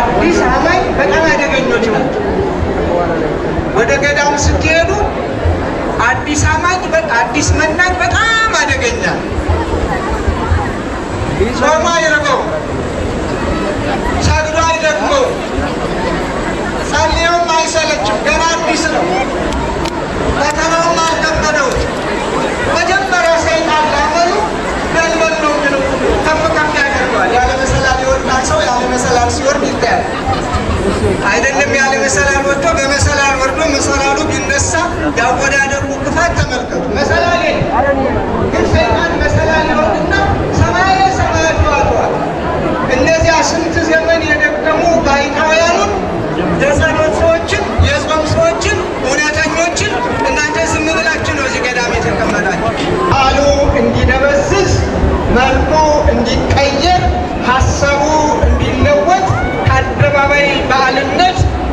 አዲስ አማኝ በጣም አደገኞች ነው። ወደ ገዳሙ ስትሄዱ አዲስ አማኝ አዲስ መናኝ በጣም አደገኛ ጾሙ አይርበው፣ ሰግዶ አይደክመው፣ ጸልየውም አይሰለችም። ገና አዲስ ነው። ፈተናውም አልከበደውም። መጀመሪያ ሰይጣን መሰላል ሲወርድ ይታያል። አይደለም ያለ መሰላል ወጥቶ በመሰላል ወርዶ መሰላሉ ቢነሳ ያወዳደሩ ክፋት ተመልከቱ። መሰላል ግን ሰይጣን መሰላል ያወርድና ሰማያዊ ሰማያት ይዋጠዋል። እነዚያ ስንት ዘመን የደከሙ ባይታውያኑን የጸሎት ሰዎችን፣ የጾም ሰዎችን፣ እውነተኞችን እናንተ ዝም ብላችሁ ነው እዚህ ገዳም የተቀመጣችሁ። ቃሉ እንዲደበዝዝ መልኩ እንዲቀየር ሀሳብ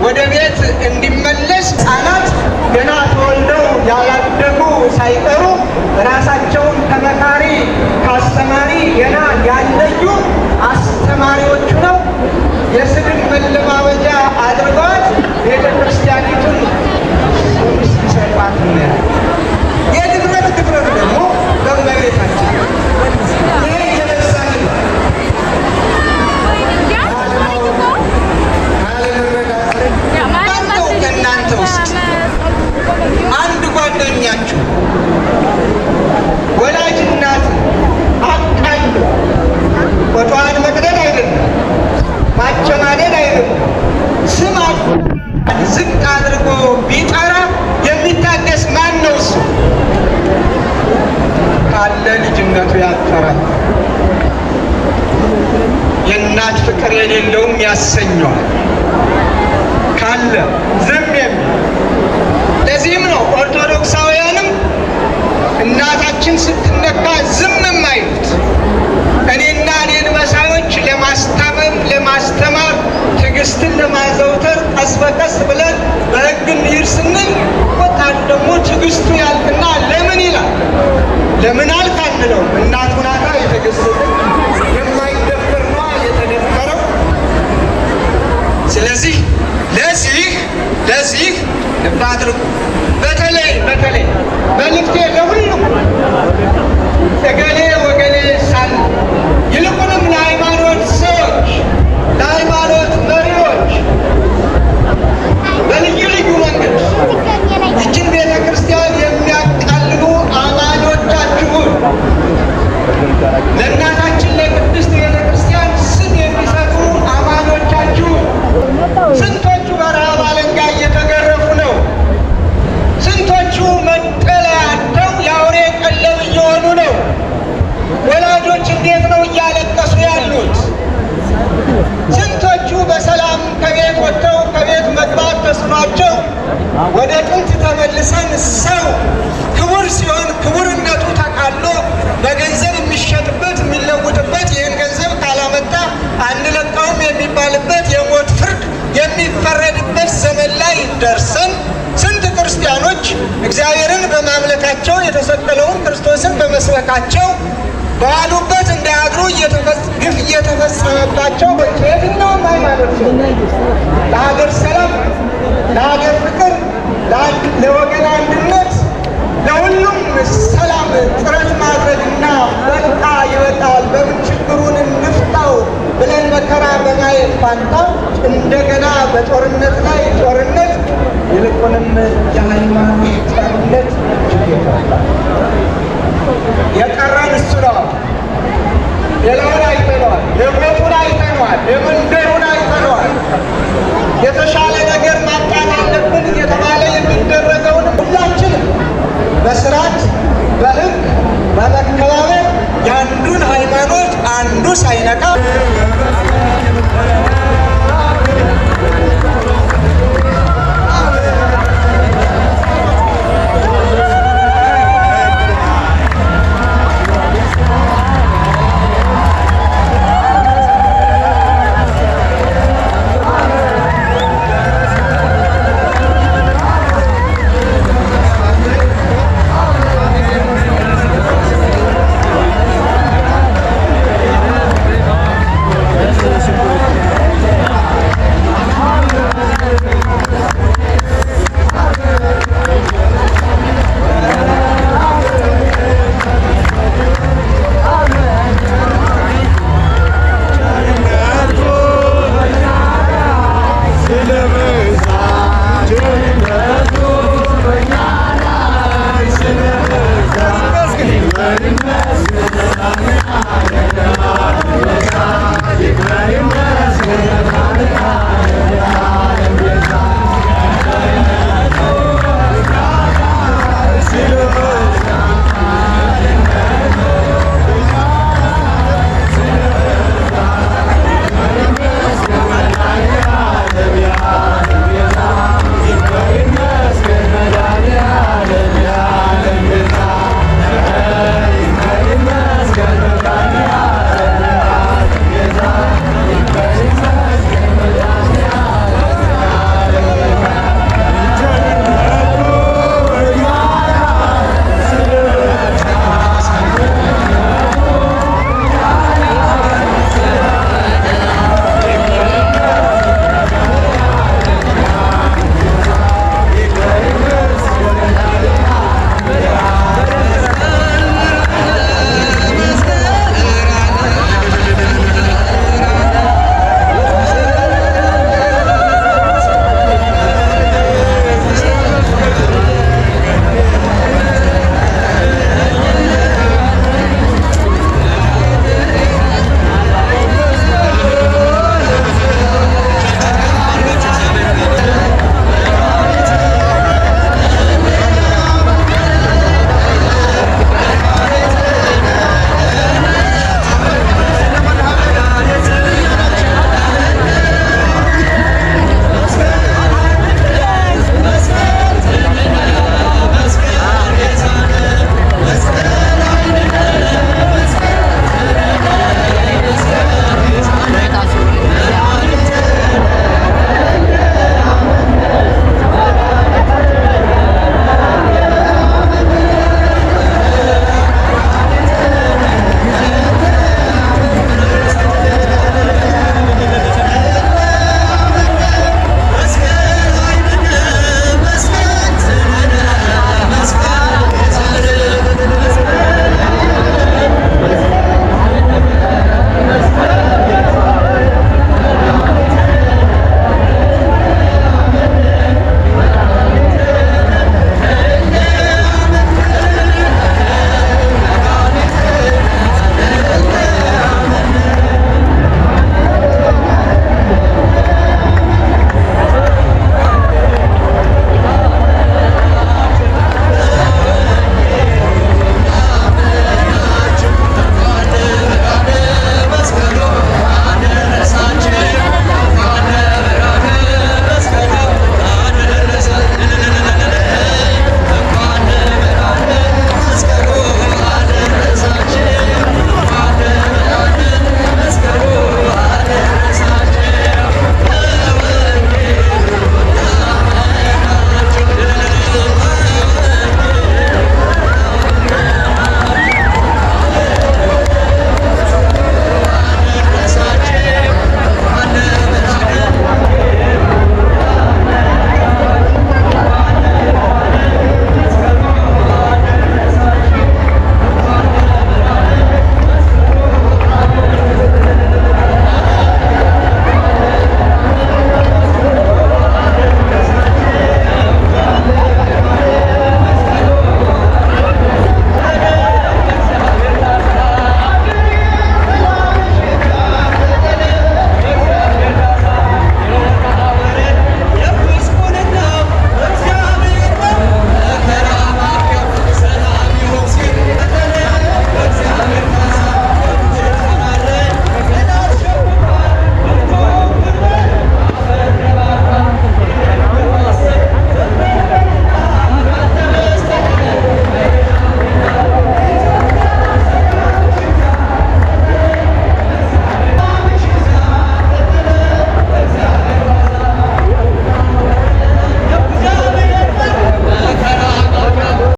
ወደ ቤት እንዲመለስ ሕፃናት ገና ተወልደው ያላደጉ ሳይቀሩ ራሳቸውን ተመካሪ ከአስተማሪ ገና ያለዩ አስተማሪዎቹ ነው የስድብ መለማመድ አንድ ጓደኛችሁ ወላጅ እናት አቃሉ ወጧን መቅደድ አይደለም፣ ማቸማደድ አይደለም። ስም ዝቅ አድርጎ ቢጠራ የሚታገስ ማን ነው? እሱ ካለ ልጅነቱ ያፈራል። የእናት ፍቅር የሌለውም ያሰኘዋል። ካለ ዝም የሚል ለዚህም ነው ኦርቶዶክሳውያንም እናታችን ስትነካ ዝም የማይሉት እኔና እኔን መሳዮች ለማስታመም ለማስተማር ትዕግስትን ለማዘውተር ቀስ በቀስ ብለን በህግ እንሂድ ስንል ወጣት ደግሞ ትዕግስቱ ያልፍና ለምን ይላል። ለምን አልክ ነው እናት ሁናታ የተገሰጠ የማይደፈር የተደፈረው። ስለዚህ ለዚህ ለዚህ ልብ አድርጉ። కలిస్తే ఎవరు తగలే ఒకలే የተሰቀለውን ክርስቶስን በመስበካቸው ባሉበት እንዳያድሩ ግፍ እየተፈጸመባቸው ከየትኛውም ሃይማኖት ሰው ለሀገር ሰላም፣ ለሀገር ፍቅር፣ ለወገን አንድነት፣ ለሁሉም ሰላም ጥረት ማድረግና በቃ ይበቃል፣ በምን ችግሩን እንፍታው ብለን መከራ በማየት ፋንታ እንደገና በጦርነት ላይ ጦርነት ይልቁንም የሃይማኖት ጠርነት የቀረን እሱ ነው። ሌላውን አይተነዋል፣ የቦቱን አይተነዋል፣ የመንደሩን አይተነዋል። የተሻለ ነገር ማጣ